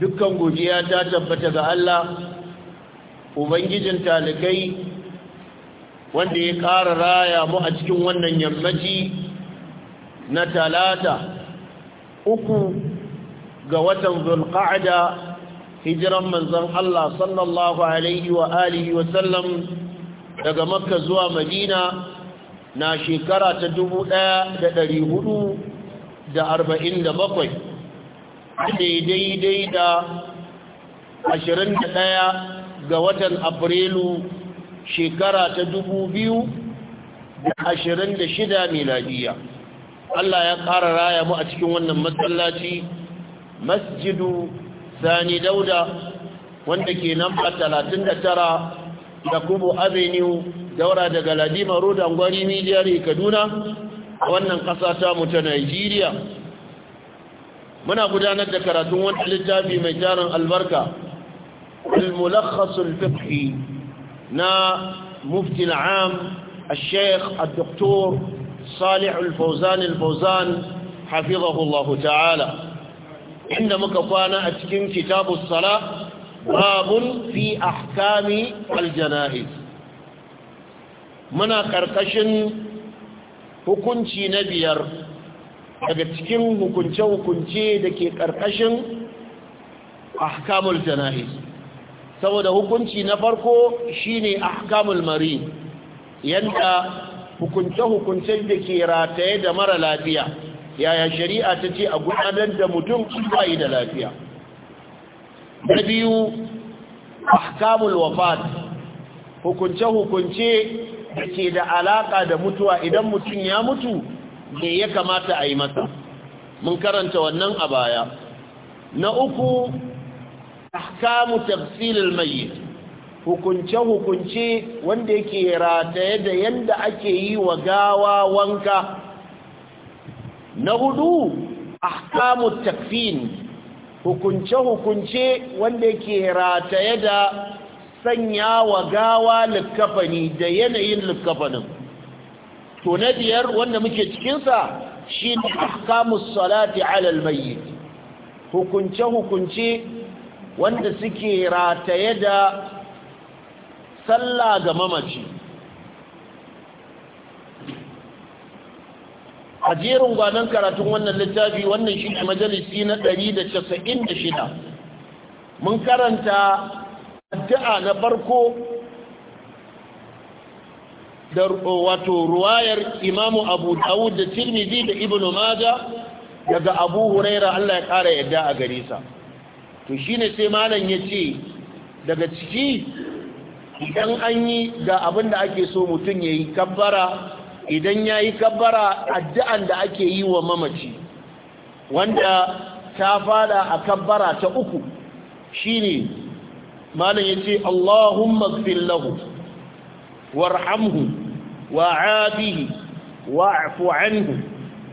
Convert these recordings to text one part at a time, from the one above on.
dukkan godiya ta tabbata ga Allah ubangijin talikai wanda ya ƙara raya mu a cikin wannan yammaci na talata uku ga watan zulqa'da hijiran manzon Allah sallallahu alaihi wa alihi wa sallam daga makka zuwa madina na shekara ta 1447 daidai da 21 ga watan afrilu shekara ta 2026 miladiya Allah ya ƙara raya mu a cikin wannan matsalaci masjidu sani dauda wanda ke nan a 39 da kubo avenue daura daga ladima road gwari media kaduna a wannan ƙasa ta mu nigeria muna gudanar da karatun wani littafi mai tarin albarka al-mulakhasul fiqhi na mufti al-am al-sheikh al-doktor salih al-fawzan al-fawzan hafizahullahu ta'ala inda muka kwana a cikin kitabu sala babun fi ahkami al-janahiz muna karkashin hukunci na biyar daga cikin hukunce-hukunce da ke ƙarƙashin ahkamul janahi saboda hukunci na farko shine ahkamul mari yanda hukunce hukunce da ke rataye da mara lafiya yaya shari'a ta ce a gudanar da mutum bayi da lafiya na biyu ahkamul wafat hukunce-hukunce da ke da alaƙa da mutuwa idan mutum ya mutu me ya kamata a yi masa mun karanta wannan a baya na uku ahkamu tafsilil mayyit hukunce hukunce wanda yake rataye da yanda ake yi wa gawa wanka na hudu ahkamu takfin hukunce hukunce wanda yake rataye da sanya wa gawa likkafani da yanayin likkafanin to na biyar wanda muke cikinsa shi ne ahkamus salati alal mayyit hukunce-hukunce wanda suke rataye da sallah ga mamaci a jerin gwanon karatun wannan littafi wannan shi ne majalisi na 196 mun karanta addu'a na farko da wato ruwayar imamu abu dawud da tirmidhi da ibnu maja daga abu huraira Allah ya kara yadda a gare sa to shine sai malam yace daga ciki idan an yi ga abin da ake so mutum yayi kabbara idan yayi kabbara addu'an da ake yi wa mamaci wanda ta fada a kabbara ta uku shine malam yace Allahumma ighfir lahu warhamhu وعابه واعف عنه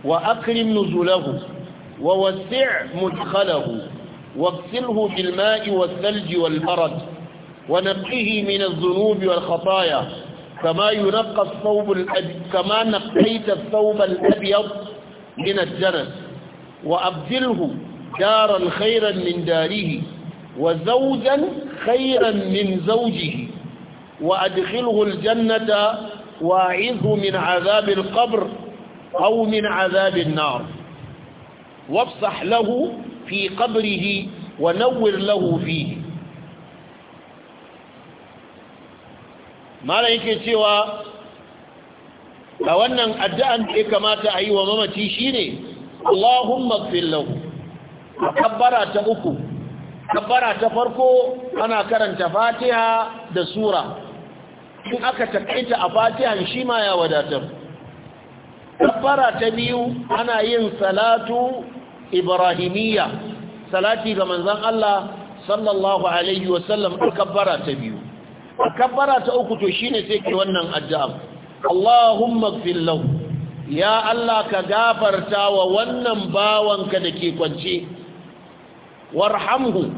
وأكرم نزله ووسع مدخله واغسله بالماء والثلج والبرد ونقه من الذنوب والخطايا كما ينقى الثوب كما نقيت الثوب الأبيض من الجنس وأبدله دارا خيرا من داره وزوجا خيرا من زوجه وأدخله الجنة واعظه من عذاب القبر أو من عذاب النار وافصح له في قبره ونور له فيه ما yake cewa a wannan addu'an da ya kamata a yi wa mamaci shine Allahumma ighfir lahu kabbara ta uku kabbara ta farko ana karanta Fatiha da sura in aka takaita a fatihan shi ma ya wadatar kabbara ta biyu ana yin salatu ibrahimiyya salati ga manzon Allah sallallahu alaihi wasallam kabbara ta biyu kabbara ta uku to shine sai ke wannan addu'a Allahumma ighfir lahu ya Allah ka gafarta wa wannan bawanka da ke kwance warhamhu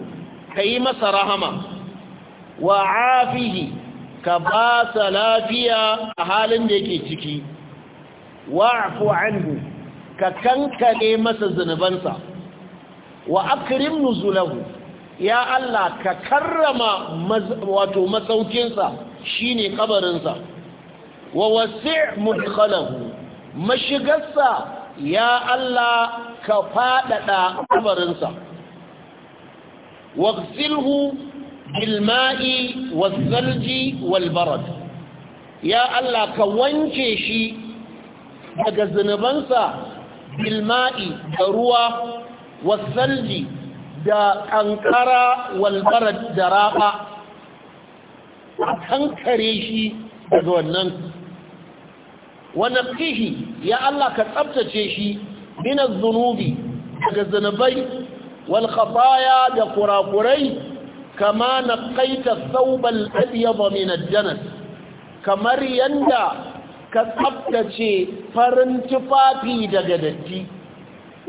kai masa rahama wa afihi ka ba sa lafiya a halin da yake ciki Wa afu anhu ka kankane masa zunubansa wa akrim nuzulahu ya Allah ka karrama wato masaukinsa shine kabarinsa wa wasi' mudkhalahu mashigarsa ya Allah ka fadada kabarinsa waghsilhu bilma'i wazzalji walbarad ya Allah ka wanke shi daga zunubansa bilma'i da ruwa wazzalji da ƙanƙara walbarad da raɓa a kankare shi daga wannan wannan kishi ya Allah ka tsabtace shi minar zunubi daga zunubai wal da kurakurai kama naqaita thawbal abyad min kamar yanda ka tsaftace farin tufafi daga datti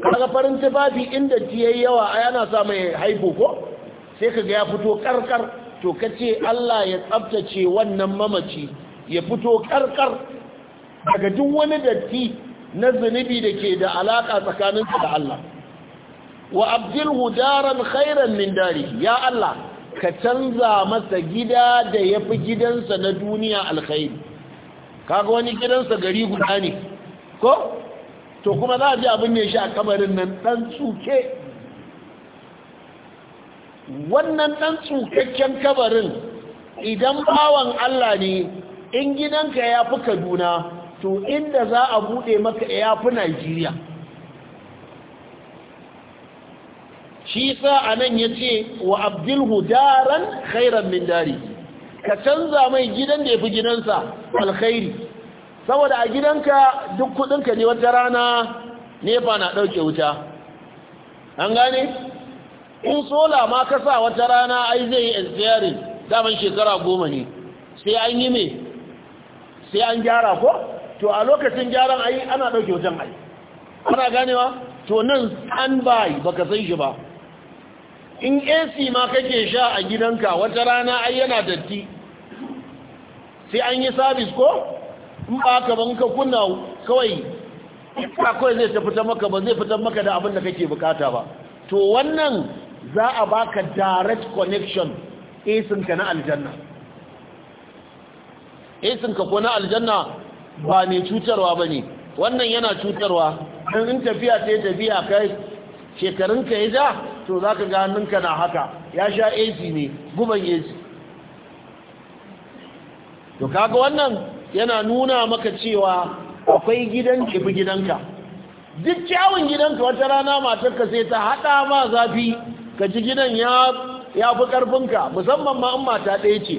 kaga farin tufafi inda datti yayi yawa yana ana sa mai haibo ko sai kaga ya fito karkar to kace Allah ya tsaftace wannan mamaci ya fito karkar daga duk wani datti na zunubi da ke da alaƙa tsakaninsa da Allah wa abdulhudaran daran khairan min dari ya Allah ka canza masa gida da ya fi gidansa na duniya alkhairi kaga wani gidansa gari guda ne ko to kuma za a ji abin ne shi a kamarin nan ɗan tsuke wannan ɗan tsukakken kabarin idan bawan Allah ne in gidanka ya fi kaduna to inda za a buɗe maka ya fi najeriya shisa a nan ya ce wa abdulhu daran khairan min dari ka canza mai gidan da ya fi gidansa alkhairi saboda a gidanka duk kudinka ne wata rana nefa na ɗauke wuta an gane in sola ma ka sa wata rana ai zai yi daman shekara goma ne sai an yi mai sai an gyara ko to a lokacin gyaran ai ana ɗauke wutan ai ana ganewa to nan an bayi baka san shi ba in ac ma kake sha a gidanka wata rana ai yana datti sai an yi sabis ko in ba ka ban ka kunna kawai ba kawai zai fita maka ba zai fitar maka da abin da kake bukata ba to wannan za a baka direct connection esinka na aljanna esinka ko na aljanna ba ne cutarwa ba ne wannan yana cutarwa in tafiya sai tafiya kai shekarunka ya ja to za ka ga ninka na haka ya sha ac ne guban ac to kaga wannan yana nuna maka cewa akwai gidan kifi gidanka duk kyawun gidanka wata rana matarka sai ta haɗa ma zafi ka ji gidan ya fi ƙarfinka musamman ma amma mata ɗaya ce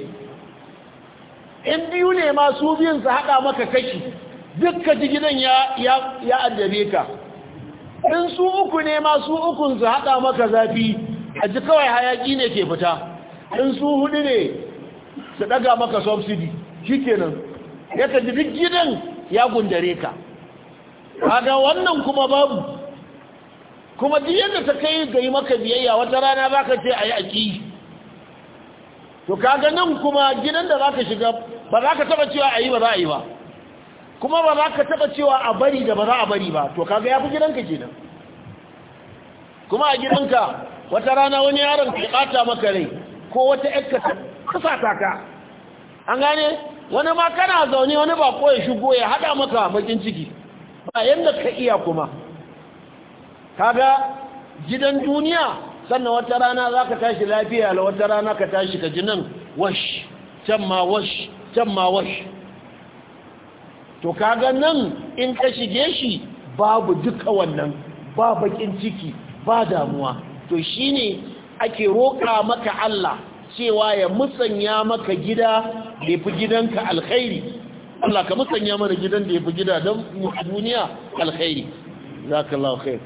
in biyu ne ma su biyun su haɗa maka kashi duk ka ji gidan ya addabe ka in su uku ne ma su ukun su haɗa maka zafi a ji kawai hayaki ne ke fita in su hudu ne su ɗaga maka subsidi shi kenan ya ka duk gidan ya gundare ka kaga wannan kuma babu kuma duk yadda ta kai ga yi maka biyayya wata rana za ka ce a yi aki to kaga nan kuma gidan da za ka shiga ba za ka taɓa cewa a yi ba za a yi ba kuma ba za ka taba cewa a bari da ba za a bari ba to kaga ya fi gidanka kenan kuma a gidanka wata rana wani yaron ka bata maka rai ko wata ƴarka ta ka an gane wani ma kana zaune wani ba ya shigo ya hada maka bakin ciki ba yanda ka iya kuma kaga gidan duniya sannan wata rana za ka tashi lafiya la wata rana ka tashi ka ji nan wash can ma wash can ma wash to kaga nan in ka shige shi babu duka wannan ba bakin ciki ba damuwa to shine ake roƙa maka Allah cewa ya musanya maka gida da fi gidanka alkhairi Allah ka musanya mana gidan da fi gida don mu duniya alkhairi zakallahu khair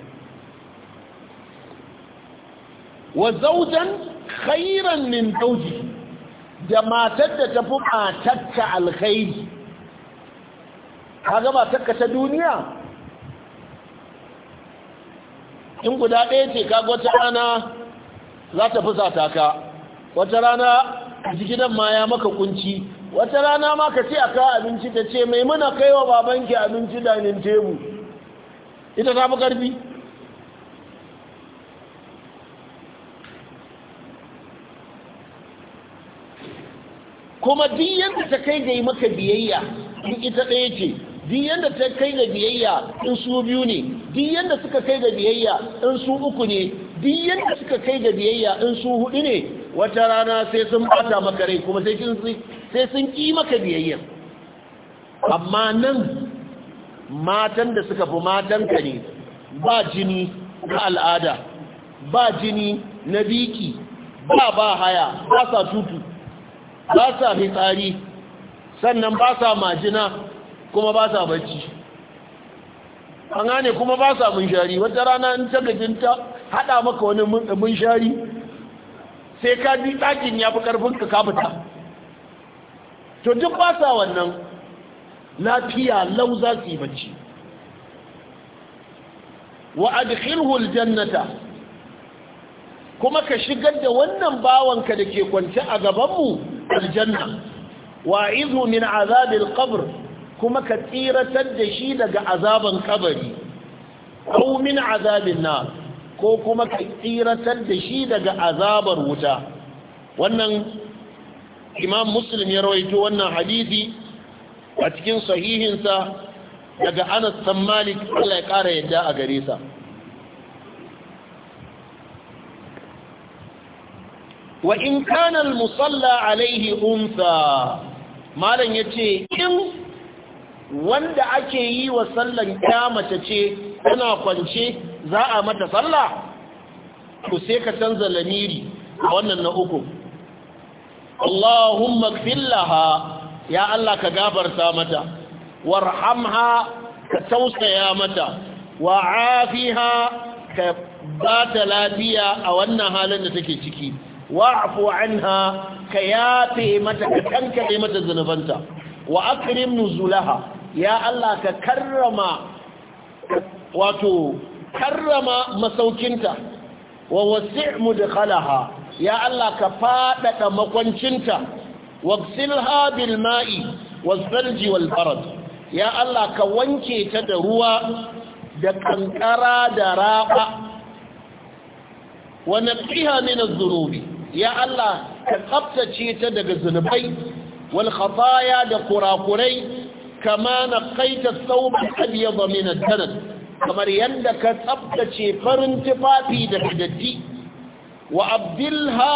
wa zawjan khairan min zawji da matar da ta tafi matarka alkhairi kaga ba takka ta duniya in guda ɗaya ce kaga wata rana za ta fusata ka wata rana jikinan ma ya maka kunci wata rana ma ka ce a kawo abinci ta ce mai muna kaiwa wa babanki abinci danin tebu ita ta fi ƙarfi kuma duk yadda ta kai ga yi maka biyayya in ita ɗaya ce duk yanda ta kai ga biyayya in su biyu ne duk yanda suka kai ga biyayya in su uku ne duk yanda suka kai ga biyayya in su hudu ne wata rana sai sun bata maka rai kuma sai sun ki maka biyayya amma nan matan da suka fi matanka ne ba jini na al'ada ba jini na biki ba ba haya ba sa tutu ba sa fitsari sannan ba sa majina kuma ba sa bacci an gane kuma ba sa munshari wata rana in tabbakin hada maka wani munshari sai ka bi ɗakin ya fi ƙarfin ka kafita, to duk ba sa wannan lafiya lau za su yi bacci wa adkhilhu jannata, kuma ka shigar da wannan bawanka da ke kwance a gabanmu aljanna wa izu min azabil qabr kuma ka tsiratar da shi daga azaban kabari aw min azabin na ko kuma ka tsiratar da shi daga azabar wuta wannan imam muslim ya rawaito wannan hadisi a cikin sahihinsa daga anas san malik Allah ya kara yadda a gare sa wa in kanal musalla alaihi unsa malan yace in wanda ake yi wa sallan kyamata ce tana kwance za a mata sallah ku sai ka canza lamiri a wannan na uku Allahumma gfillaha ya Allah ka gafarta mata warhamha ka tausaya mata wa afiha ka ba ta lafiya a wannan halin da take ciki wa'fu anha ka yafe mata ka kankare mata zunubanta wa akrim nuzulaha ya Allah ka karrama wato karrama masaukinta wa wasi' mudkhalaha ya Allah ka fadada makwancinta wagsilha bil ma'i wasalji wal barad ya Allah ka wanke ta da ruwa da kankara da raba wa naqiha min adh-dhunubi ya Allah ka tsaftace ta daga zunubai wal khataya da kurakurai kama na kaita sauban abyada min ad kamar yadda ka tsabtace farin tufafi daga datti wa abdilha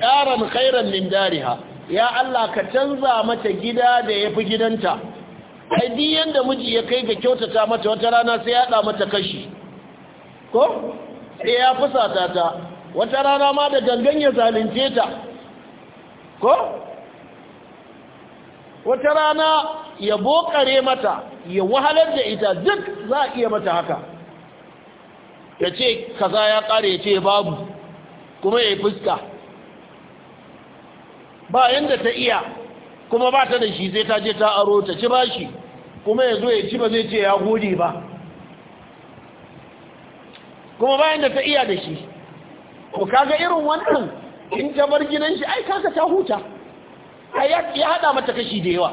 daran khairan min dariha ya Allah ka canza mata gida da yafi gidanta ai yadda miji ya kai ga kyautata mata wata rana sai ya mata kashi ko sai ya fusata ta wata rana ma da gangan ya zalunce ta ko wata rana ya bokare mata ya wahalar da ita duk za a iya mata haka ya ce kaza ya kare ya ce babu kuma ya fuska ba yadda ta iya kuma ba ta da shi zai ta je ta aro ta ci bashi kuma ya zo ya ci ba zai ce ya gode ba kuma ba yadda ta iya da shi ko kaga irin wannan in ta bar gidan shi ai kaka ta huta ya hada mata kashi da yawa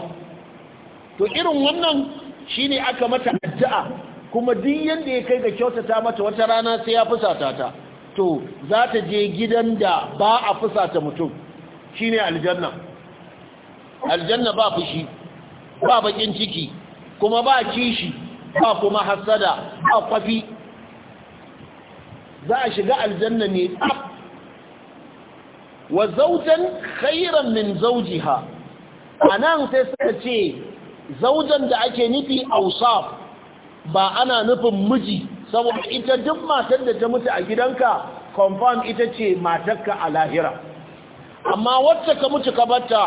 to irin wannan shine aka mata addu'a kuma duk yanda ya kai ga kyautata mata wata rana sai ya fusata ta to za ta je gidan da ba a fusata mutum shine aljanna aljanna ba fushi ba bakin ciki kuma ba kishi ba kuma hasada ba kwafi za a shiga aljanna ne tsaf wa zaujan khairan min zaujiha anan sai suka ce zaujan da ake nufi ausaf ba ana nufin miji saboda ita duk matar da ta mutu a gidanka confirm ita ce matarka a lahira amma wacce ka mutu ka batta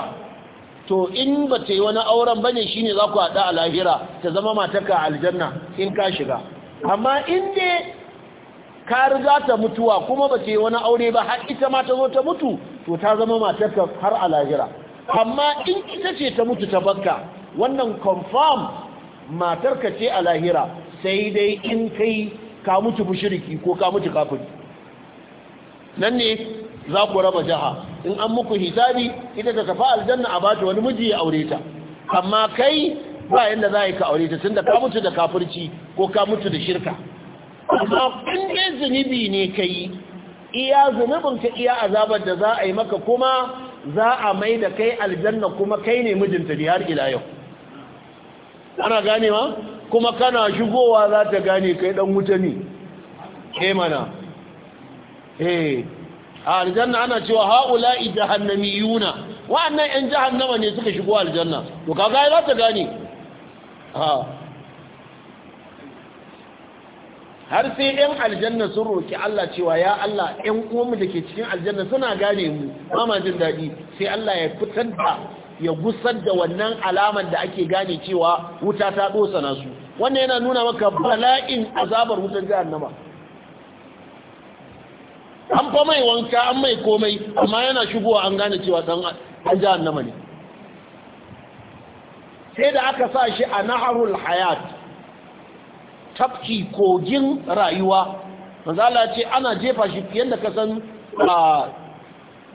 to in ba ta yi wani auren bane shine za ku haɗa a lahira ta zama matarka a aljanna in ka shiga amma in dai ka riga ta mutuwa kuma ba ce wani aure ba har ita ma ta zo ta mutu to ta zama matarka har a lahira amma in ita ce ta mutu ta bakka wannan confirm matarka ce a lahira sai dai in kai ka mutu shiriki ko ka mutu kafiri nan ne za ku raba jaha in an muku hisabi ita ta tafi aljanna a ta wani miji ya aure ta amma kai ba yanda za ka aure ta tunda ka mutu da kafirci ko ka mutu da shirka amma in zunubi ne ka yi iya zunubin ka iya azabar da za a yi maka kuma za a mai da kai aljanna kuma kai ne mijinta da har ila yau ana ganewa kuma kana shigowa za ta gane kai dan wuta ne ke mana eh a aljanna ana cewa haula'i jahannamiyuna wa'annan yan jahannama ne suka shigo aljanna to kaga za ta gane ha ah. har sai yan aljanna sun roki Allah cewa ya Allah yan uwanmu da ke cikin aljanna suna gane mu ba jin daɗi sai Allah ya fitar da ya gusar da wannan alamar da ake gane cewa wuta ta dosa na su wannan yana nuna maka bala'in azabar wutar nama. an fa mai wanka an mai komai amma yana shigowa an gane cewa ɗan an nama ne sai da aka sa shi a naharul hayat tafki kogin rayuwa manzala ce ana jefa shi fiye da kasan a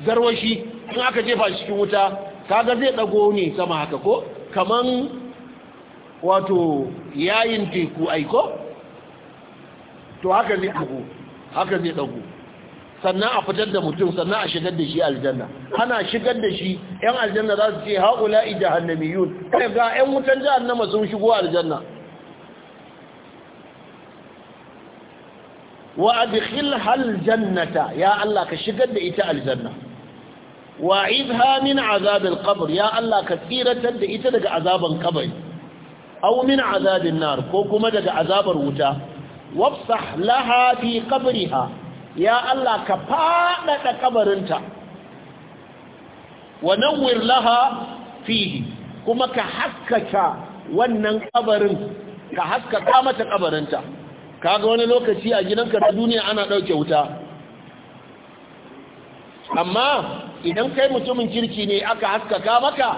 zarwashi in aka jefa shi cikin wuta kaga zai dago ne sama haka ko kaman wato yayin teku aiko to haka zai dago haka zai dago sannan a fitar da mutum sannan a shigar da shi aljanna ana shigar da shi yan aljanna za su ce haula jahannamiyun ga yan wutan jahannama sun shigo aljanna wa hal jannata ya Allah ka shigar da ita aljanna wa idha min azab alqabr ya Allah ka tsiratar da ita daga azaban kabari aw min azabin nar ko kuma daga azabar wuta wafsah laha fi qabriha ya Allah ka fadada kabarinta wa nawwir laha fihi kuma ka haskaka wannan kabarin ka haskaka mata kabarinta kaga wani lokaci a gidanka ta duniya ana ɗauke wuta amma idan kai mutumin kirki ne aka haskaka maka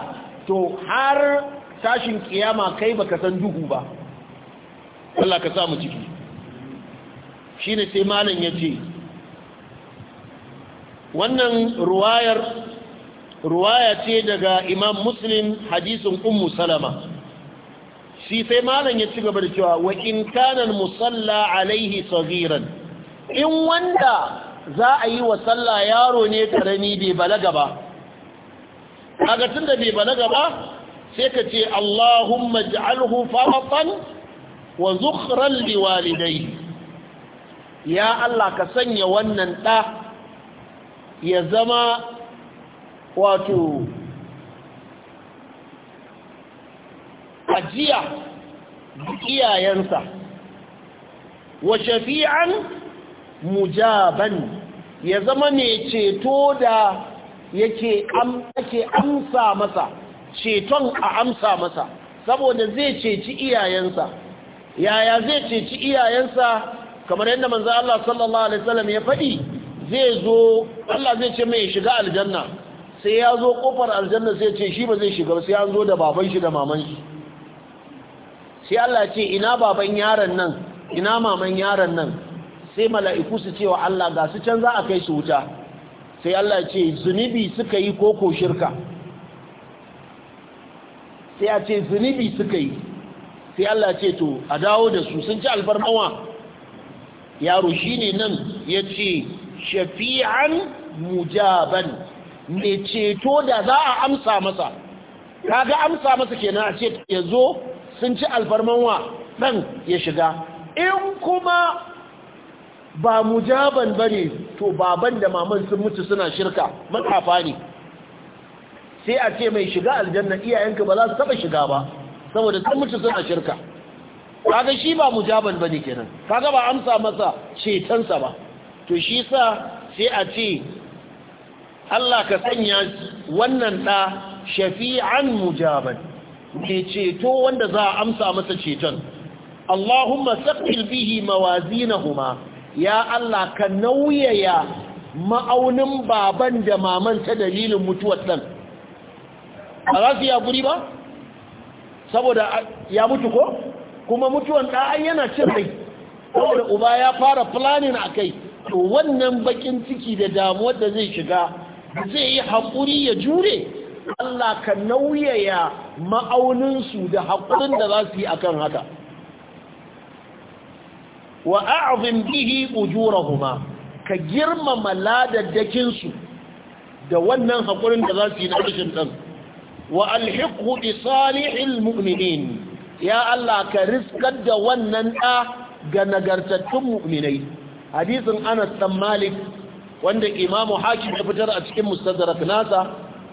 to har tashin kiyama kai baka san duhu ba Allah ka samu ciki shine sai malam yace wannan ruwayar ruwaya ce daga imam muslim hadisin ummu salama shi sai malam ya ci gaba da cewa wa in kana musalla alaihi saghiran in wanda za a yi wa sallah yaro ne karami bai balaga ba kaga tunda bai balaga ba sai ka ce Allahumma ij'alhu faratan wa zukhran liwalidayhi ya Allah ka sanya wannan da ya zama wato ajiya iyayensa wa shafi'an mujaban ya zama mai ceto da yake amsa masa ceton a amsa masa saboda zai ceci iyayensa yaya zai ceci iyayensa kamar yadda manzo Allah sallallahu alaihi wasallam ya faɗi zai zo Allah zai ce mai shiga aljanna sai ya zo kofar aljanna sai ce shi ba zai shiga sai an zo da baban shi da maman shi sai Allah ce ina baban yaron nan ina maman yaron nan sai mala'iku su ce wa Allah ga su can za a kai su wuta sai Allah ce zunubi suka yi koko shirka sai a ce zunubi suka yi sai Allah ce to a dawo da su sun ci alfarmawa yaro ne nan ya ce shafi'an mujaban mai ceto da za a amsa masa kaga amsa masa kenan a ce ya zo sun ci alfarman wa ɗan ya shiga in kuma ba mujaban bane to baban da maman sun mutu suna shirka matsafa ne sai a ce mai shiga aljanna iyayenka ba za su taba shiga ba saboda sun mutu suna shirka kaga shi ba mujaban bane kenan kaga ba amsa masa cetonsa ba to shi sa sai a ce Allah ka sanya wannan da shafi'an mujaban mai ceto wanda za a amsa masa ceton Allahumma saqil bihi mawazinahuma ya Allah ka nauyaya ma'aunin baban da maman ta dalilin mutuwar dan ba za su yi guri ba saboda ya mutu ko kuma mutuwan ɗa'an yana cin rai saboda uba ya fara planning a kai to wannan bakin ciki da damuwar da zai shiga zai yi haƙuri ya jure Allah ka nauyaya ma'auninsu da haƙurin da za su yi akan haka wa a'zim bihi ujurahuma ka girmama ladaddakinsu da wannan haƙurin da za su yi na rashin ɗan wa alhiqhu bi mu'minin ya Allah ka riskar da wannan ɗa ga nagartattun mu'minai hadisin Anas dan Malik wanda Imam Hakim ya fitar a cikin Mustadrak nasa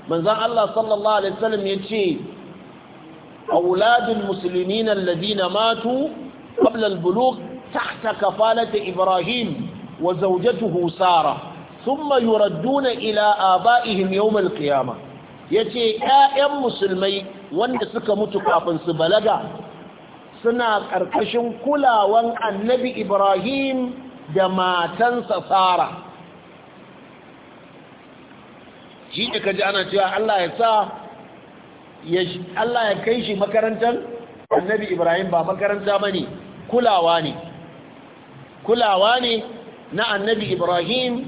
manzan Allah sallallahu alaihi wasallam ya ce auladul musulmin alladhina matu qabla Buluk, bulugh tahta kafalata ibrahim wa Zaujatu Husara, thumma yuradduna ila abaihim yawm al ya yace 'ya'yan musulmai wanda suka mutu kafin su balaga suna ƙarƙashin kulawan annabi ibrahim da matansa sara shi ne kaji ana cewa Allah ya sa Allah ya kai shi makarantar annabi Ibrahim ba makaranta ba ne kulawa ne kulawa ne na annabi Ibrahim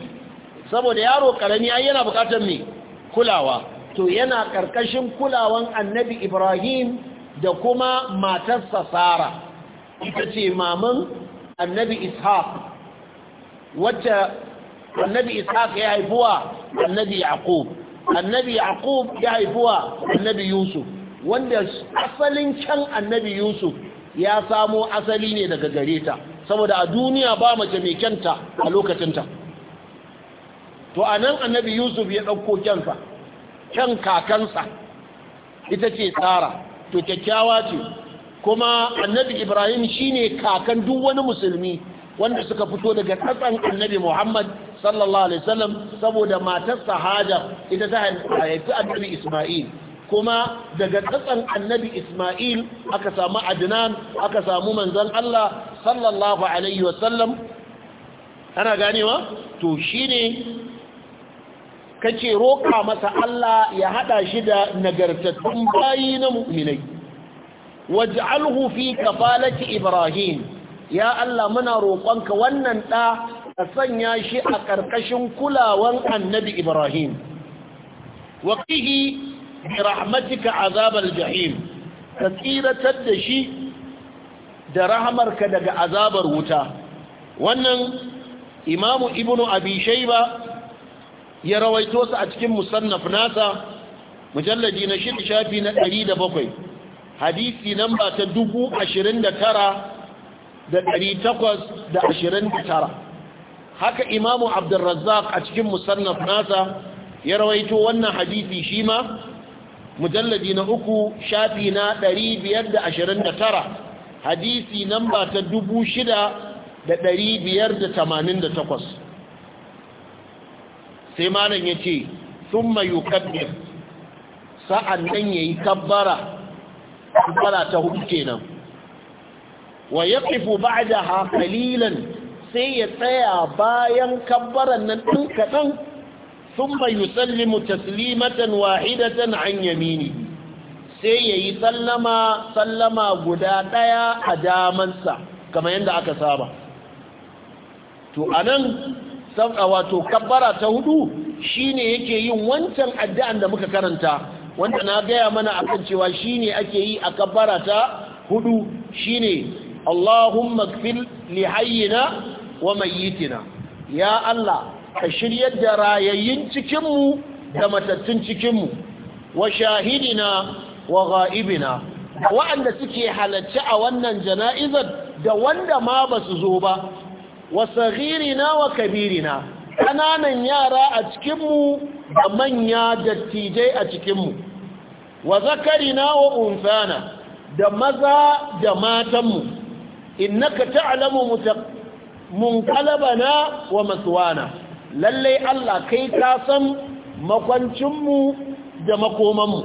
saboda yaro karami ai yana bukatar me kulawa to yana karkashin kulawan annabi Ibrahim da kuma matarsa Sara ita ce maman annabi Ishaq wacce annabi ishaq ya haifuwa annabi yaqub annabi yaqub ya haifuwa annabi yusuf wanda asalin can annabi yusuf ya samo asali ne daga gare ta saboda a duniya ba mace mai kyanta a lokacinta to a nan annabi yusuf ya ɗauko kyansa kyan kakansa ita ce tsara to kyakkyawa ce kuma annabi ibrahim shine kakan duk wani musulmi wanda suka fito daga tsatsan annabi Muhammad sallallahu alaihi wasallam saboda matar sahada ita ta haifi annabi Isma'il kuma daga tsatsan annabi Isma'il aka samu Adnan aka samu manzon Allah sallallahu alaihi wasallam ana ganewa to shine kace roƙa masa Allah ya hada shi da nagartattun bayi na mu'minai waj'alhu fi kafalati Ibrahim ya Allah muna roƙonka wannan ɗa ka sanya shi a ƙarƙashin kulawan annabi Ibrahim waƙihi qihi bi rahmatika azabal jahim ka tsiratar da shi da rahamarka daga azabar wuta wannan imamu ibnu abi Shaiba ya rawaito su a cikin musannaf nasa mujalladi na shida shafi na 107 hadisi namba ta 29 da ɗari takwas da ashirin da tara haka imamu abdurrazzak a cikin musannaf nasa ya rawaito wannan hadisi shi ma mujalladi na uku shafi na ɗari biyar da ashirin da tara hadisi namba ta dubu shida da ɗari biyar da tamanin da takwas sai malam ya ce sun mayu kabbir sa'an nan ya yi kabbara ta hudu kenan wa ya ba da haƙalilan sai ya tsaya bayan kabbaran nan ɗin kaɗan, kadan thumma yusallimu taslimatan wahidatan an yamini sai yayi yi tsallama guda ɗaya a damansa kamar yadda aka saba to a anan wato kabbara ta hudu ne yake yin wancan addu'an da muka karanta wanda na gaya mana akan cewa shi ne ake yi a kabbara ta hudu shine Allahumma gfir li hayyina wa mayyitina ya Allah ka shiryar da rayayyin cikinmu da matattun cikinmu wa shahidina wa ghaibina wa'anda suke halarci a wannan jana'izar da wanda ma ba su zo ba wa saghirina wa kabirina kananan yara a cikinmu da manya dattijai a cikinmu wa zakarina wa unsana da maza da matanmu innaka ta'lamu munqalabana wa maswana lalle Allah kai ka san makwancinmu da makomanmu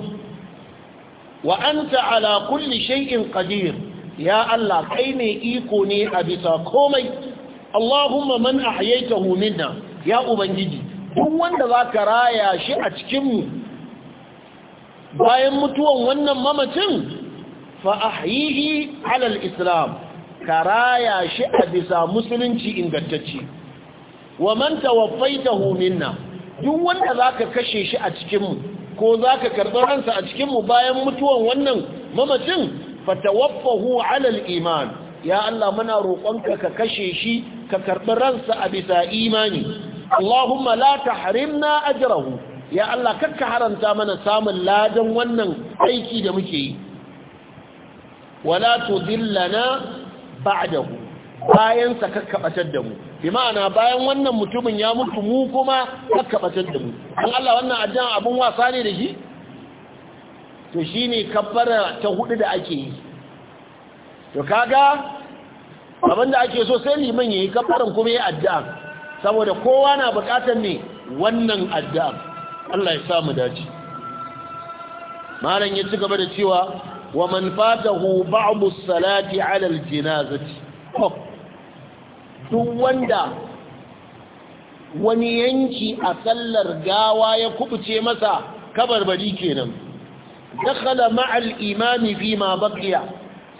wa anta ala kulli shay'in qadir ya Allah kai ne iko ne a bisa komai Allahumma man ahyaytahu minna ya ubangiji duk wanda zaka raya shi a cikin mu bayan mutuwan wannan mamacin fa ahyihi ala al-islam karaya shi a bisa musulunci ingantacci wa man tawaffaitahu minna duk wanda zaka kashe shi a cikinmu ko zaka karɓi ransa a cikin mu bayan mutuwan wannan mamacin fatawaffahu ala al-iman ya Allah muna roƙonka ka kashe shi ka karɓi ransa a bisa imani Allahumma la tahrimna ajrahu ya Allah kakka haranta mana samun ladan wannan aiki da muke yi wala tudillana ba'dahu bayan sa kakkabatar da mu bi ma'ana bayan wannan mutumin ya mutu mu kuma kakkabatar da mu dan Allah wannan addu'an abun wasa ne da shi to shine kabbara ta hudu da ake yi to kaga abin da ake so sai liman yayi kabbaran kuma yayi addu'a saboda kowa na bukatar ne wannan addu'a Allah ya samu dace malam ya ci gaba da cewa wa man fatahu ba'd as-salati 'ala al-janazati duk wanda wani yanki a sallar gawa ya kubuce masa kabarbari kenan dakhala ma'a al-imami fi ma baqiya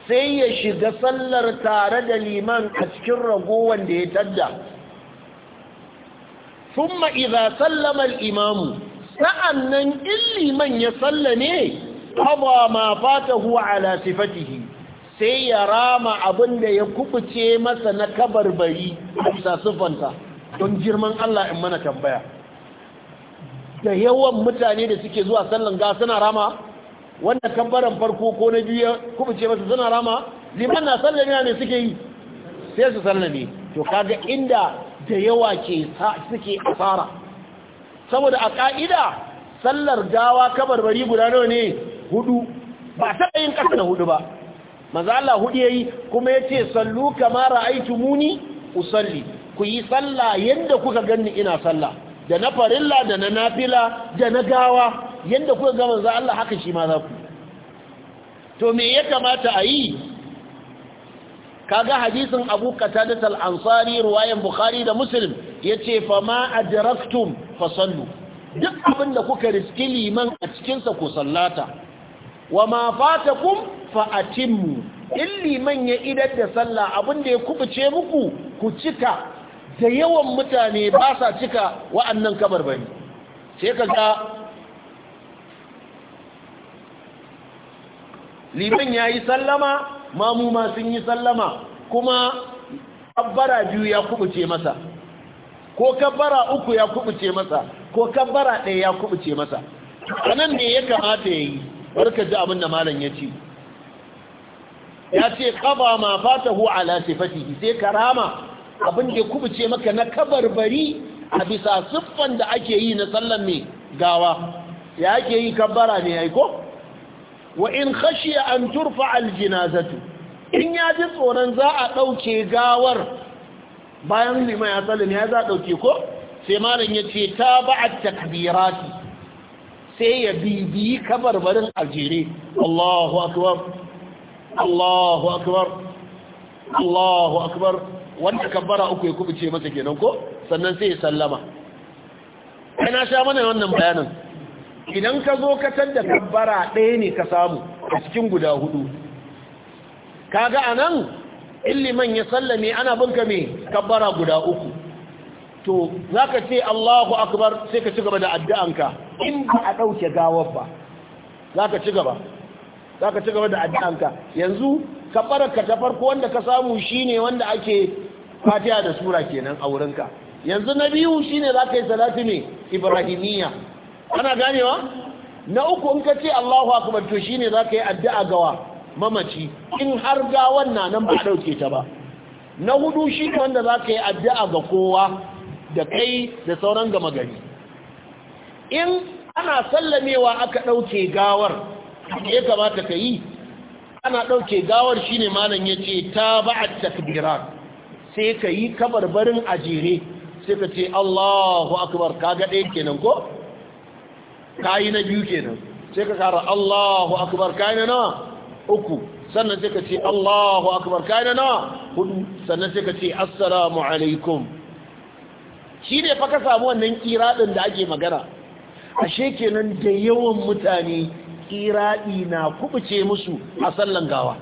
sai ya shiga sallar tare da liman a cikin ragowan da ya tadda thumma idza sallama al-imamu sa'annan in liman ya ne? qada ma fatahu ala sifatihi sai ya rama abin da ya kubuce masa na kabarbari bisa siffanta don girman Allah in mana tambaya da yawan mutane da suke zuwa sallan ga suna rama wanda kabbaran farko ko na biyu kubuce masa suna rama liman na sallami ne suke yi sai su sallame to kaga inda da yawa ke suke asara saboda a ka'ida sallar gawa kabarbari guda nawa ne hudu ba taɓa yin ƙasa da hudu ba maza Allah hudu ya yi kuma ya ce sallu kamara aiki muni usalli ku yi sallah yadda kuka ganni ina sallah da na farilla da na nafila da na gawa yadda kuka ga manzo Allah haka shi ma za ku to me ya kamata a yi kaga hadisin Abu Qatadah al-Ansari ruwayan Bukhari da ya ce fa ma adraktum fasallu duk abin da kuka riski liman a cikinsa ku sallata wa ma fatakum fa atimmu in liman ya idar da sallah abin da ya kubuce muku ku cika da yawan mutane ba sa cika wa'annan bane. sai ka ga liman ya yi sallama mamu sun yi sallama kuma kabbara biyu ya kubuce masa ko kabbara uku ya kubuce masa ko kabbara ɗaya ya kubuce masa anan nan ne ya kamata ya yi barka ji abin da malam ya ce ya ce kaba ma fata ala sifatihi sai karama abin da ya kubuce maka na kabarbari a bisa siffan da ake yi na sallan mai gawa ya ake yi kabbara ne ya ko wa in khashiya an turfa aljinazatu in ya ji tsoron za a ɗauke gawar bayan liman ya ya za a ɗauke ko sai malam ya ce ta ba'a takbirati sai ya bibiyi kabarbarin aljere Allahu akbar Allahu akbar Allahu akbar wanda kabbara uku ya kubuce masa kenan ko sannan sai ya sallama kana sha mana wannan bayanin idan ka zo ka da kabbara ɗaya ne ka samu a cikin guda hudu kaga anan illiman ya sallame ana binka me kabbara guda uku to za ka ce Allahu akbar sai ka ci gaba da addu'anka in ba a ɗauke gawar ba za ka ci gaba za ka ci gaba da addu'anka yanzu ka farka ta farko wanda ka samu shine wanda ake fatiha da sura kenan a wurinka yanzu na biyu shine za ka yi salati ne ibrahimiyya ana ganewa na uku in ka ce Allahu akbar to shine za ka yi addu'a gawa mamaci in har gawan na nan ba ɗauke ta ba na hudu shi wanda za ka yi addu'a ga kowa da kai da sauran gama gari in ana sallamewa aka ɗauke gawar ya kamata ka yi ana ɗauke gawar shine malam ya ce ta ba'ad takbirat sai ka yi kabarbarin jere sai ka ce Allahu akbar ga ɗaya kenan ko ka yi na biyu kenan sai ka kara Allahu akbar yi na nawa uku sannan sai ka ce Allahu akbar yi na nawa hudu sannan sai ka ce assalamu alaikum shi ne fa ka samu wannan kiraɗin da ake magana ashe kenan da yawan mutane kiraɗi na kubuce musu a sallan gawa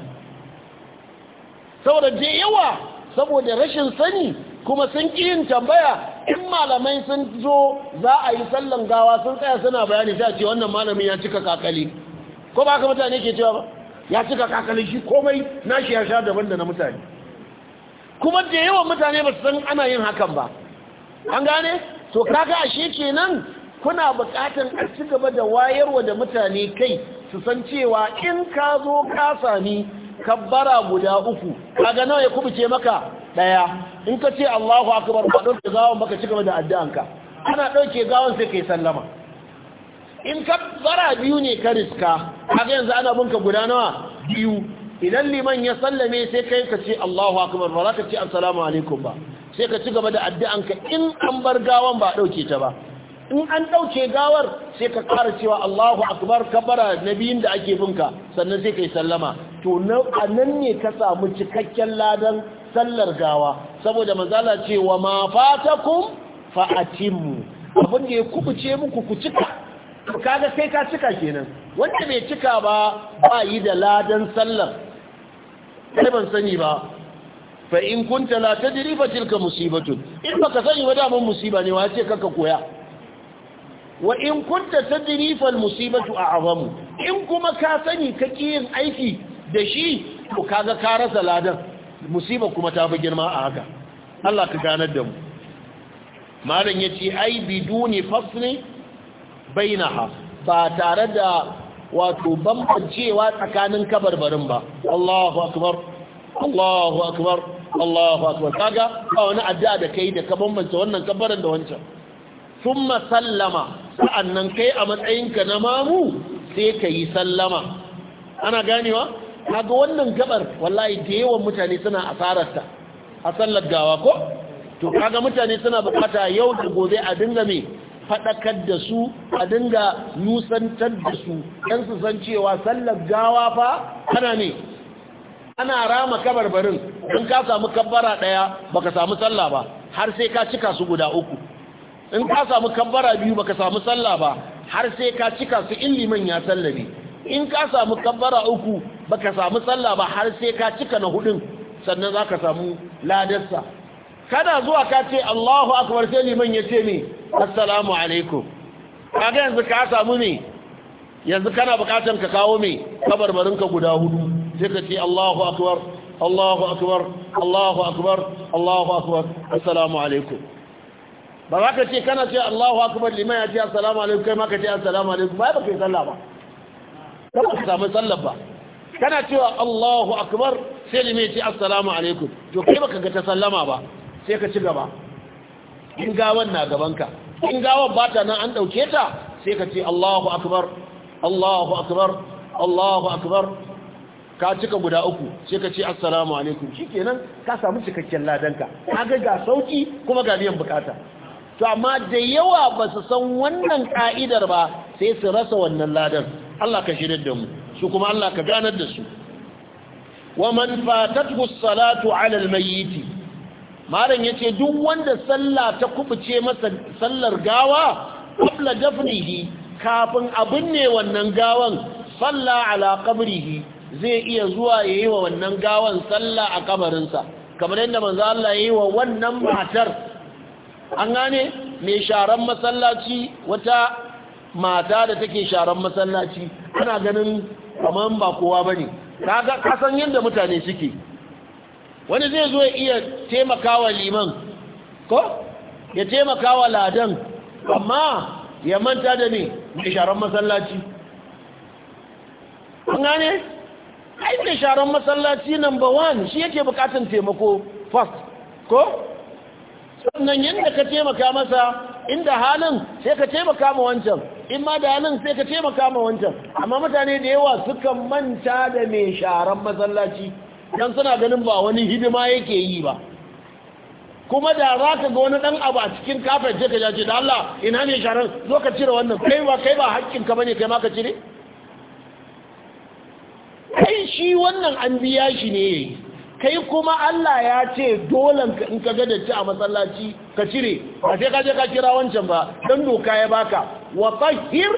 saboda da yawa saboda rashin sani kuma sun yin tambaya in malamai sun zo za a yi sallan gawa sun tsaya suna bayani sai a ce wannan malamin ya cika kakali ko ba ka mutane ke cewa ba ya cika kakali shi komai nashi ya sha daban da na mutane kuma da yawan mutane ba su san ana yin hakan ba an gane to kaga ashe kenan kuna bukatan a ci gaba da wayarwa da mutane kai su san cewa in ka zo ka sami kabbara guda uku kaga nawa ya kubuce maka daya in ka ce Allahu akbar ba dauke gawan baka ci gaba da addu'anka ana dauke gawan sai kai sallama in ka bara biyu ne ka riska kaga yanzu ana bunka guda nawa biyu idan liman ya sallame sai kai ka ce Allahu akbar ba za ka ce assalamu alaikum ba sai ka ci gaba da addu'anka in an bar gawan ba ɗauke ta ba in an ɗauke gawar sai ka kara cewa Allahu akbar kabara nabiyin da ake binka sannan sai kai sallama to nan ne ka samu cikakken ladan sallar gawa saboda manzala ce wa ma fatakum atimmu abin da ya kubuce muku ku cika kaga sai ka cika kenan wanda bai cika ba ba yi da ladan sallar sai ban sani ba fa in kunta la tadri fa tilka musibatun in baka sani ba daman musiba ne wace kaka koya wa in kunta tadri fa musibatu a'zamu in kuma ka sani ka yin aiki da shi to kaga ka rasa ladan musiba kuma ta fi girma a haka Allah ka ganar da mu malam yace ai biduni fasli bainaha ba tare da wato bambancewa tsakanin kabarbarin ba Allahu akbar Allahu akbar Allahu akbar kaga ba wani addu'a da kai da ka bambanta wannan kabarin da wancan thumma sallama sa'annan kai a matsayinka na mamu sai ka yi sallama ana ganewa kaga wannan gabar wallahi da yawan mutane suna asararta a sallar gawa ko to kaga mutane suna bukata yau da gobe a dinga me faɗakar da su a dinga nusantar da su ɗan su cewa sallar gawa fa kana ne ana rama kabarbarin in ka samu kabbara daya baka samu sallah ba har sai ka cika su guda uku in ka samu kabbara biyu baka samu sallah ba har sai ka cika su illimin ya sallabe in ka samu kabbara uku baka samu sallah ba har sai ka cika na hudun sannan zaka samu ladarsa Kada zuwa ka ce Allahu akbar sai liman ya ce ni assalamu alaikum kaga yanzu ka samu ne yanzu kana bukatan ka kawo me kabarbarin ka guda hudu sai ka Allahu akbar Allahu akbar Allahu akbar Allahu akbar assalamu alaikum ba za ka ce kana ce Allahu akbar liman ya ce assalamu alaikum kai ma ka ce assalamu ba ba kai sallah ba ka ba samu Allahu akbar sai ya ce assalamu alaikum to kai baka ga ta sallama ba sai ka ci gaba na gabanka in gawan bata nan an dauke ta sai ka ce Allahu Allahu Allahu ka cika guda uku sai ka ce assalamu alaikum shikenan ka samu cikakken ladanka kaga ga sauki kuma ga biyan bukata to amma da yawa ba su san wannan ka'idar ba sai su rasa wannan ladan Allah ka shirye da mu su kuma Allah ka ganar da su wa man fatatuhu salatu ala almayyit malam yace duk wanda sallah ta kubuce masa sallar gawa qabla dafnihi kafin abin ne wannan gawan salla ala qabrihi zai iya zuwa ya yi wa wannan gawan sallah a kamarinsa, kamar yadda manzo Allah ya yi wa wannan matar an gane mai sharan masallaci wata mata da take sharan masallaci ana ganin kamar ba kowa bane kaga kasan yadda mutane suke wani zai zo ya iya taimakawa liman ko ya taimakawa ladan amma ya manta da ne mai sharan masallaci an gane ai mai sharan masallaci number one shi yake bukatan taimako first ko sannan yadda ka taimaka masa inda halin sai ka taimaka ma wancan in ma da halin sai ka taimaka ma wancan amma mutane da yawa suka manta da mai sharan masallaci don suna ganin ba wani hidima yake yi ba kuma da za ka ga wani dan abu a cikin kafin je ka jace da Allah ina ne sharan zo ka cire wannan kai ba kai ba hakkin ka bane kai ma ka cire kai shi wannan an biya shi ne yayi kai kuma Allah ya ce dole in ka ga ci a masallaci ka cire ba sai ka je ka kira wancan ba dan doka ya baka wa tahir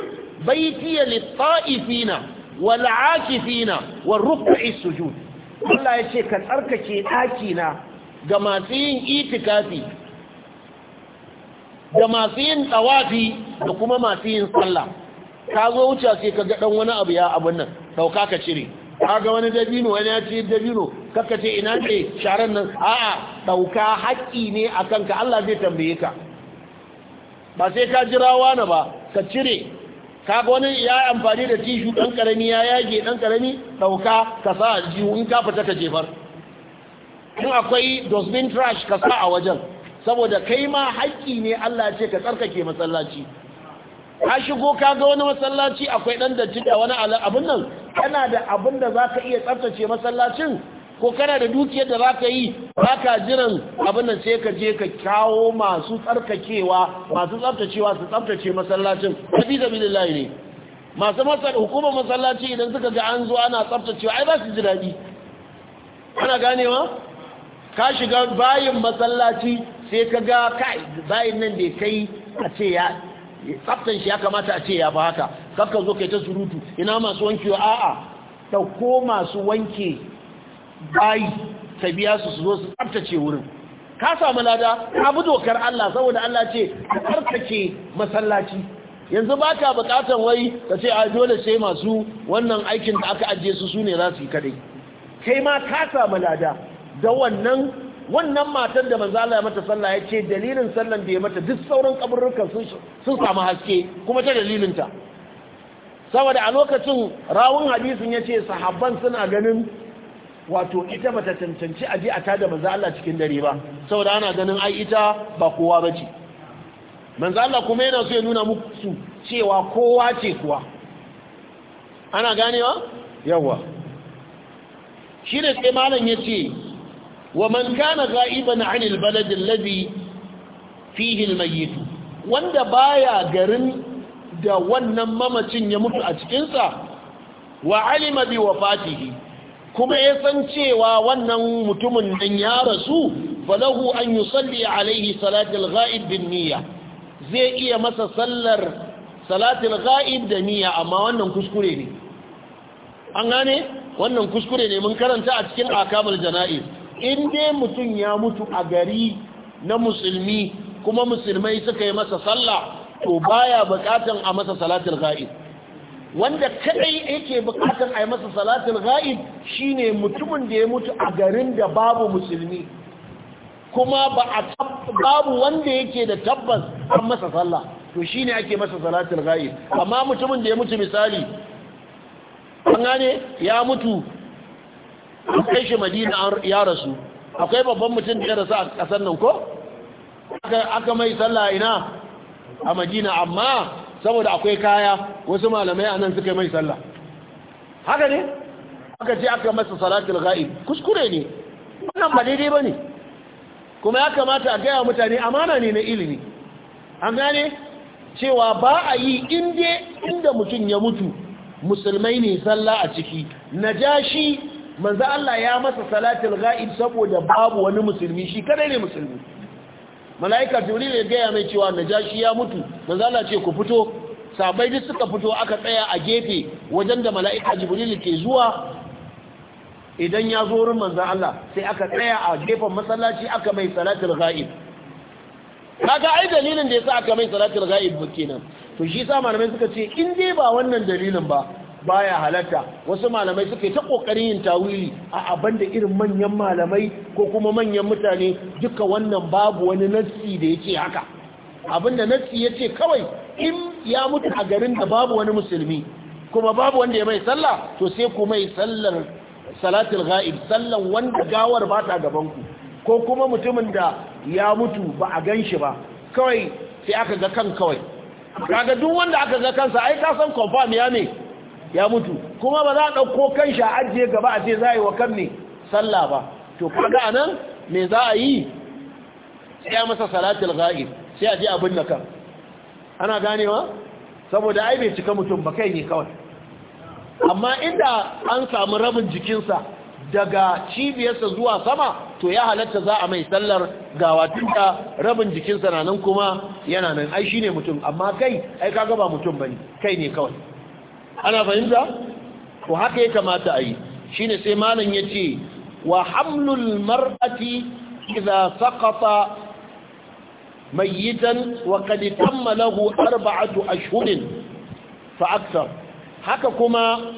baitiya lit-ta'ifina wal aakifina war-ruk'i sujud Allah ya ce ka tsarkake daki na ga masu yin itikafi da masu yin tsawafi da kuma masu yin sallah ka zo wuce sai ka ga dan wani abu ya abun nan dauka ka cire kaga wani dabino wani ya ci dabino kaka ce ina ce sharan nan a'a dauka haƙƙi ne akan ka Allah zai tambaye ka ba sai ka jira wani ba ka cire kaga wani ya amfani da tishu dan karami ya yage dan karami dauka ka sa jihu in ka fita ka jefar in akwai dustbin trash ka sa a wajen saboda kai ma haƙƙi ne Allah ya ce ka tsarkake masallaci ka shigo kaga wani masallaci akwai dan da da wani abin nan kana da abin da za ka iya tsaftace masallacin ko kana da dukiyar da za ka yi ba ka jiran abin da sai ka je ka kawo masu tsarkakewa masu tsaftacewa su tsaftace masallacin sabi da bilillahi ne masu hukumar masallaci idan suka ga an zo ana tsaftacewa ai ba su ji daɗi ana ganewa ka shiga bayin masallaci sai ka ga kai bayin nan da kai a ce ya tsaftan shi ya kamata a ce ya ba haka ka zo kai ta surutu ina masu wankewa a'a ɗauko masu wanke bayi ta biya su su zo su tsabtace wurin ka samu lada ka bi dokar Allah saboda Allah ce ka tsarkake masallaci yanzu ba ka bukatan wai ka ce a dole sai masu wannan aikin da aka ajiye su su ne za su yi kadai kai ma ka samu lada da wannan wannan matan da manzo Allah ya mata sallah ya ce dalilin sallan da ya mata duk sauran kaburrukan sun samu haske kuma ta dalilin ta. saboda a lokacin rawun hadisin ya ce sahabban suna ganin wato ita ba ta cancanci aji a tada manzo Allah cikin dare ba saboda ana ganin ai ita ba kowa ba ce manzo Allah kuma yana so ya nuna musu cewa kowa ce kuwa ana ganewa yawa shi ne sai malam ya ce wa man kana ghaiban 'anil balad alladhi fihi almayyit wanda baya garin da wannan mamacin ya mutu a cikinsa wa alima bi wafatihi kuma ya san cewa wannan mutumin nan ya rasu falahu an salli alaihi salatul ga'ib bin niyya zai iya masa sallar salatul ga'ib da niyya amma wannan kuskure ne an gane wannan kuskure ne mun karanta a cikin akamul jana'iz in dai mutum ya mutu a gari na musulmi kuma musulmai suka yi masa sallah to baya bukatan a masa salatul ghaib wanda kadai yake bukatan a yi masa salatul ghaib shine mutumin da ya mutu a garin da babu musulmi kuma ba a babu wanda yake da tabbas an masa sallah to shine ake masa salatul ghaib amma mutumin da ya mutu misali an gane ya mutu kai shi madina ya rasu akwai babban mutum da ya rasu a kasar nan ko aka mai sallah ina a madina amma saboda akwai kaya wasu malamai a nan suka mai sallah haka ne aka ce aka masa salatul ga'ib kuskure ne wannan ba daidai ba ne kuma ya kamata a gaya mutane amana ne na ilimi an gane cewa ba a yi inda mutum ya mutu musulmai ne sallah a ciki najashi manzo Allah ya masa salatul ga'ib saboda babu wani musulmi shi kadai ne musulmi mala'ika jibril ya gaya mai cewa najashi ya mutu manzala ce ku fito sabai duk suka fito aka tsaya a gefe wajen da mala'ika jibril ke zuwa idan ya zo wurin manzo Allah sai aka tsaya a gefen masallaci aka mai salatul ghaib kaga ai dalilin da yasa aka mai salatul ghaib kenan to shi sa malamai suka ce in dai ba wannan dalilin ba baya halatta wasu malamai suke ta kokarin yin tawili a abin da irin manyan malamai ko kuma manyan mutane duka wannan babu wani nassi da yake haka abinda da nassi yace kawai in ya mutu a garin da babu wani musulmi kuma babu wanda ya mai sallah to sai ku mai sallar salatul ghaib sallan wanda gawar ba ta gaban ku ko kuma mutumin da ya mutu ba a ganshi ba kawai sai aka ga kan kawai kaga duk wanda aka ga kansa ai ka san confirm ya ne ya mutu kuma ba za a ɗauko kan shi a ajiye gaba a ce za a yi wa kan ne sallah ba to kaga a nan me za a yi sai ya masa salatul ghaib sai a je a binne kan ana ganewa saboda ai bai cika mutum ba kai ne kawai amma inda an samu rabin jikinsa daga cibiyarsa zuwa sama to ya halatta za a mai sallar gawa tunda rabin jikinsa na nan kuma yana nan ai shine mutum amma kai ai kaga ba mutum bane kai ne kawai ana fahimta ko haka ya kamata a yi shine sai malam ya ce wa hamlul mar'ati idza saqata mayyitan wa qad tamma lahu arba'atu ashhurin fa akthar haka kuma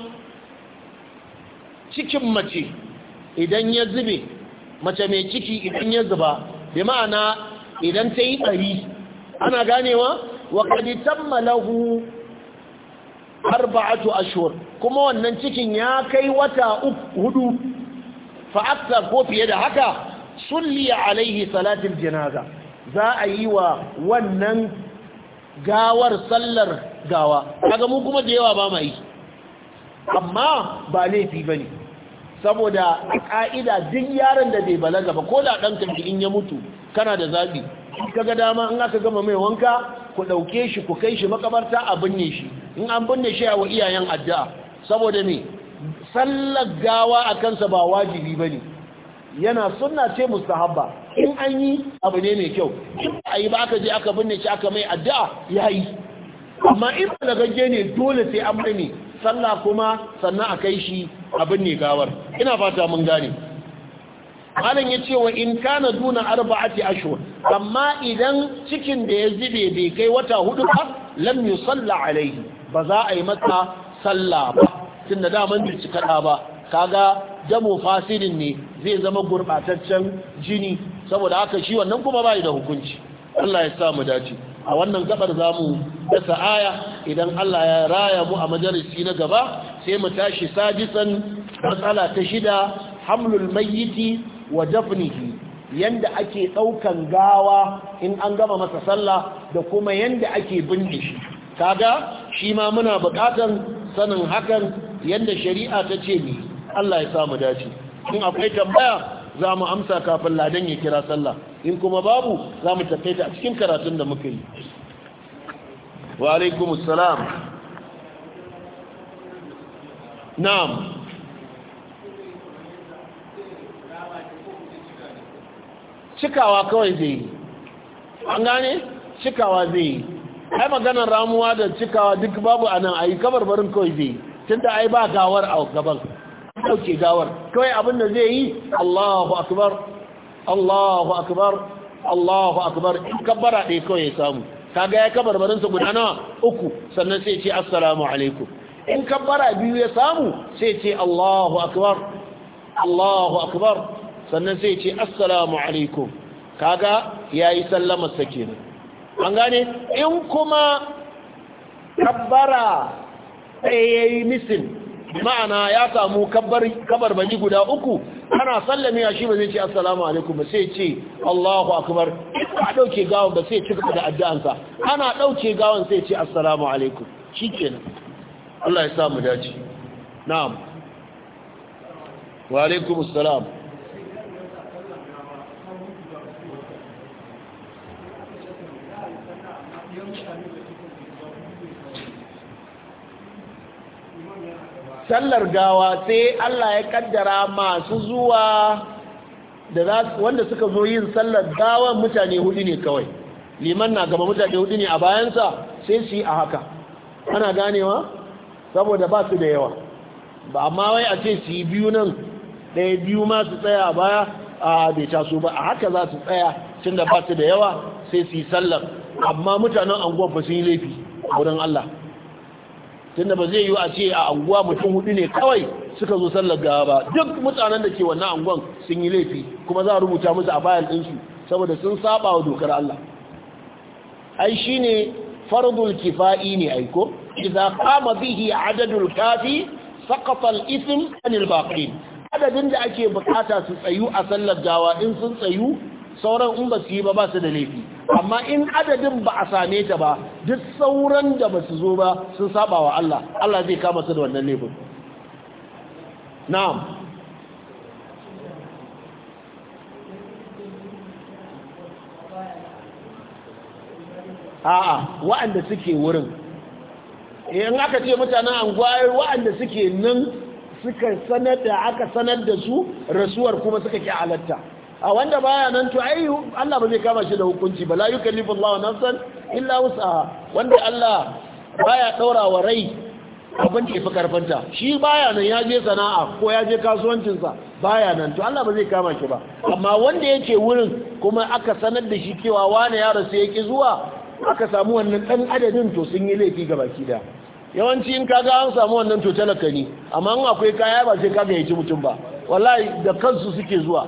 cikin mace idan ya zube mace mai ciki idan ya zuba bi ma'ana idan ta yi ɗari ana ganewa wa qad tamma lahu arba'atu ashhur kuma wannan cikin ya kai wata hudu fa akthar ko fiye da haka sulli alaihi salatul janaza za a yi wa wannan gawar sallar gawa kaga mu kuma da yawa ba mai amma ba laifi bane saboda ka'ida duk yaron da bai balaga ba ko da dan kan in ya mutu kana da zabi kaga dama in aka gama mai wanka ku ɗauke shi ku kai shi makabarta a binne shi in an binne shi a wa iyayen addu'a saboda me sallar gawa a kansa ba wajibi bane. yana sunna ce mustahabba in an yi abu ne mai kyau a yi ba aka je aka binne shi aka mai addu'a ya yi amma in balagagge ne dole sai an binne sallah kuma sannan a kai shi a binne gawar ina fata mun gane Mallam ya ce wa in kana duna arba'ati ashhur amma idan cikin da ya zube bai kai wata hudu ba lam yusalla alaihi ba za a yi masa sallah ba tunda daman bai ci da ba kaga damo fasirin ne zai zama gurbataccen jini saboda haka shi wannan kuma bai da hukunci Allah ya sa mu dace a wannan gabar zamu dasa aya idan Allah ya raya mu a majalisi na gaba sai mu tashi sajisan matsala ta shida hamlul mayyiti wa dafnihi yanda ake ɗaukan gawa in an gama masa sallah da kuma yanda ake binne shi kaga shi ma muna buƙatan sanin hakan yanda shari'a ta ce ni Allah ya samu dace in akwai tambaya za mu amsa kafin ladan ya kira sallah in kuma babu za mu tafaita a cikin karatun da muka yi wa alaikumussalam na'am cikawa kawai zai yi an gane cikawa zai yi ai maganar ramuwa da cikawa duk babu a nan a yi kawai zai yi tun da ai ba gawar a gaban ɗauke gawar kawai abin da zai yi allahu akbar allahu akbar allahu akbar in kabbara ɗaya kawai ya samu kaga ya kabarbarinsa guda nawa uku sannan sai ce assalamu alaikum in kabbara biyu ya samu sai ce allahu akbar allahu akbar sannan sai ce assalamu alaikum kaga yayi sake kenan an gane in kuma kabbara yayi misin ma'ana ya samu kabar bani guda uku ana sallami a shi ba zai ce assalamu alaikum ba sai ce Allahu akbar ka dauke gawan ba sai ci da addu'ansa ana dauke gawon sai ce assalamu alaikum shikenan Allah ya samu dace na'am wa alaikum assalam sallar gawa sai Allah ya kaddara masu zuwa wanda suka zo yin sallar gawa mutane hudu ne kawai liman na gaba mutane hudu ne a bayansa sai su yi a haka ana ganewa saboda ba su da yawa ba amma wai a ce su yi biyu nan ɗaya biyu ma su tsaya a baya a bai taso ba a haka za su tsaya tun da ba su da yawa sai su yi sallar amma mutanen anguwa ba su yi laifi wurin Allah tunda ba zai yi a ce a anguwa mutum hudu ne kawai suka zo sallar gawa ba duk mutanen da ke wannan anguwan sun yi laifi kuma za a rubuta musu a bayan ɗinsu saboda sun saba wa dokar Allah ai shine fardul kifa'i ne aiko idza qama bihi adadul kafi saqata al ithm anil baqin adadin da ake bukata su tsayu a sallar gawa in sun tsayu sauran in ba su yi ba ba su da laifi amma in adadin ba a same ta ba duk sauran da ba su zo ba sun saba wa Allah Allah zai kama su da wannan laifin na'am a'a wa'anda suke wurin in aka ce mutanen anguwar wa'anda suke nan suka sanar da aka sanar da su rasuwar kuma suka ki alatta. a wanda baya nan to ai Allah ba zai kama shi da hukunci ba la yukallifu Allahu nafsan illa wus'aha wanda Allah baya daura wa rai abin da yafi karfanta shi baya nan ya je sana'a ko ya je kasuwancinsa baya nan to Allah ba zai kama shi ba amma wanda yake wurin kuma aka sanar da shi cewa wane yaro sai ya ki zuwa aka samu wannan dan adadin to sun yi laifi ga baki da yawanci in kaga an samu wannan to talaka ne amma in akwai kaya ba sai kaga ya ci mutum ba wallahi da kansu suke zuwa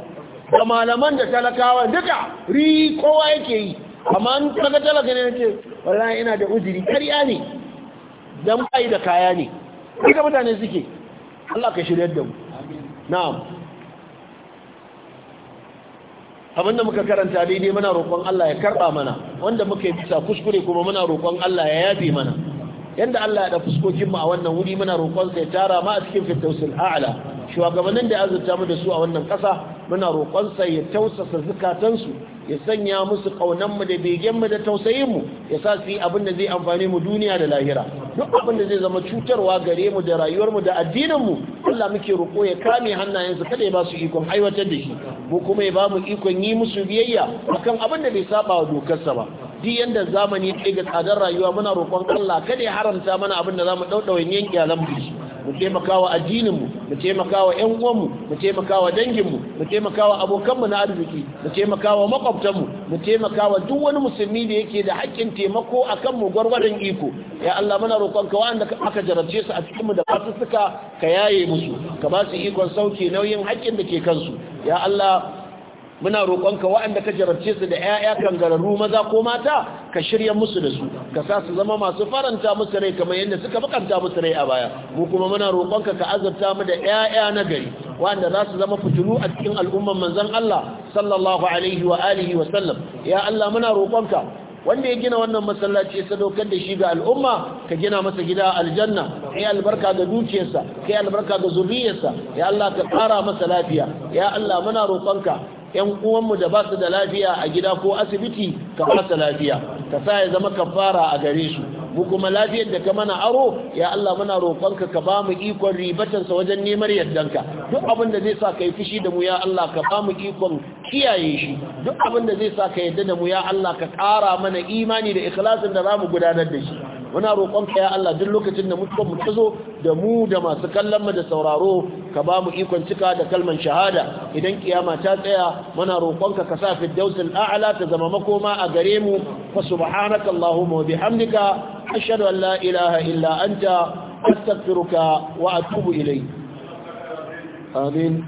da malaman da talakawa duka rikowa kowa yake yi amma an kaga talaka ne yake wallahi ina da uzuri kariya ne dan bai da kaya ne duka mutane suke Allah ka shirya da mu na'am abinda muka karanta daidai muna roƙon Allah ya karba mana wanda muka yi bisa kuskure kuma muna roƙon Allah ya yafe mana yanda Allah ya da fuskokin mu a wannan wuri muna roƙon sa ya tara ma a cikin fitausul a'la shugabannin da azurta mu da su a wannan ƙasa muna roƙonsa ya tausasa zukatansu ya sanya musu kaunanmu da begenmu da tausayinmu ya sa su yi abin da zai amfani mu duniya da lahira duk abin da zai zama cutarwa gare mu da rayuwarmu da addininmu Allah muke roƙo ya kame hannayensu kada ya ba su ikon aiwatar da shi mu kuma ya ba mu ikon yi musu biyayya akan abin da bai saba wa dokarsa ba di yanda zamani ya ga tsadar rayuwa muna roƙon Allah kada ya haramta mana abin da zamu ɗauɗaure yan iyalan mu mu taimakawa wa addininmu mu taimakawa wa ƴan uwanmu mu taimakawa danginmu mu taimakawa abokanmu na arziki mu taimaka wa makwabtanmu mu taimaka wa duk wani musulmi da yake da haƙƙin taimako a kan mu iko ya Allah muna roƙon ka wanda aka jarabce su a cikinmu da basu suka ka yaye musu ka ba su ikon sauke nauyin haƙƙin da ke kansu ya Allah muna roƙonka waɗanda ka jarabce su da 'ya'ya kangararru maza ko mata ka shirya musu da su ka sa su zama masu faranta musu rai kamar yadda suka makanta musu rai a baya mu kuma muna roƙonka ka azurta mu da 'ya'ya na gari waɗanda za su zama fitilu a cikin al'umman manzon Allah sallallahu alaihi wa alihi wa sallam ya Allah muna roƙonka wanda ya gina wannan masallaci ya sadaukar da shi ga al'umma ka gina masa gida aljanna ya albarka ga dukiyarsa ka albarka ga zuriyarsa ya Allah ka ƙara masa lafiya ya Allah muna roƙonka yan uwanmu da ba su da lafiya a gida ko asibiti ka fasa lafiya ka sa ya zama kafara a gare su mu kuma lafiyar da ka mana aro ya Allah muna roƙonka ka ba mu ikon ribatansa wajen neman yardanka duk abin da zai sa kai fushi da mu ya Allah ka ba mu ikon kiyaye shi duk abin da zai sa ka yadda da mu ya Allah ka ƙara mana imani da ikhlasin da zamu gudanar da shi muna roƙonka ya Allah duk lokacin da mutuwar mu tazo da mu da masu kallon mu da sauraro ka ba mu ikon cika da kalman shahada idan kiyama ta tsaya muna roƙonka ka sa fi dausul a'la ta zama makoma a gare mu fa subhanaka allahumma wa bihamdika ashhadu an la ilaha illa anta astaghfiruka wa atubu ilayk amin